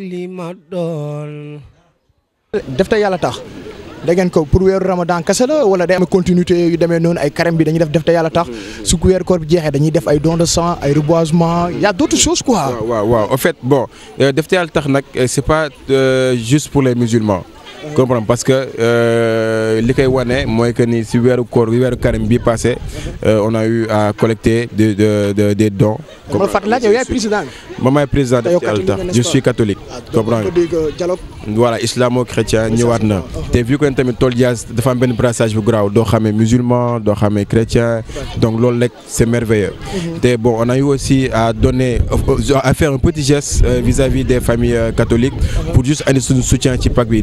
li ma doon. def te yàlla tax da ngeen ko pour weeru ramadan kese la wala day am continuité yu demee noonu ay carême bi dañuy def def te yàlla tax su ko weeru koor bi jeexee dañuy def ay don de sang ay reboisement y a d'autres choses quoi. waaw waaw waaw en fait bon euh, def te yàlla tax nag euh, c'est pas euh, juste pour les musulmans comprendre parce que euh, li koy wane mooy que ni si weeru koor bi karim bi passé euh, on a eu à collecter des des des dons. comme président ma président def ci je suis catholique. Ah, comprendre euh, voilà islamo-chrétien ni na. Ah, ah. te vu que tamit tol Dias da am ben brassage bu garaaw do xamé musulman do xamé chrétien donc loolu rek c' merveilleux. Mhm. té bon on a eu aussi à donner à faire un petit geste vis-à-vis des familles catholiques mhm. pour juste andi suñu soutien ci Pâques bi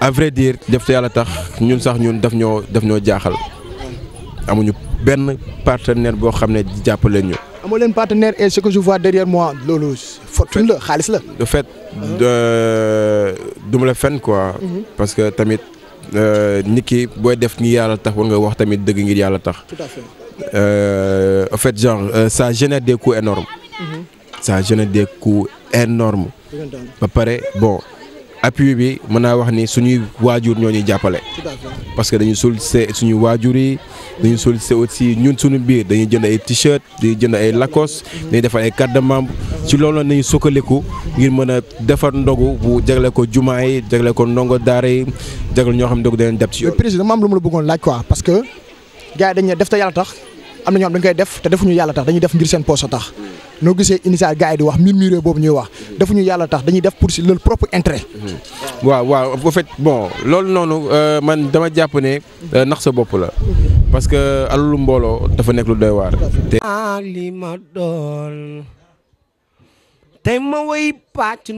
à vrai dire nous sommes nous tax ñun sax ñun daf partenaire qui ñu. partenaire et ce que je vois derrière moi lolo. fortune la de fait quoi. Mhm. parce que tamit euh, Niki ki def ni tax war nga tout à fait. Euh, en fait genre euh, ça génère des coûts énormes. Mhm. ça génère des coûts énormes. ba bon appui bi mën wax ni suñuy wajur ñoo ñuy jàppale. parce que dañuy sollicité suñu waajur yi dañu sollicité aussi ñun suñu biir dañuy jënd ay t-shirt dañuy jënd ay lacoste dañuy defar ay carte de membre ci loolu nañu sukkaliku ngir mën a ndogu bu jagle ko jumaa yi jagle ko ndongo daara yi jagle ñoo xam ne doog danañ dab ci yoon. président maam lu ma la bëggoon laaj quoi parce que gaay dañ dañuy def ta yalla tax am na ñoo xam dañ koy def te defuñu yalla tax dañuy def ngir seen poche tax. noo gisee initiative gars di wax murmure boobu ñuy wax mm. dafa ñu yàlla tax dañuy def pour leur propre intérêt. Mm. waaw waaw en fait bon loolu noonu euh, man dama jàpp ne euh, nax sa bopp la parce que alalu mbooloo dafa nekk lu doy waar. li ma doon tey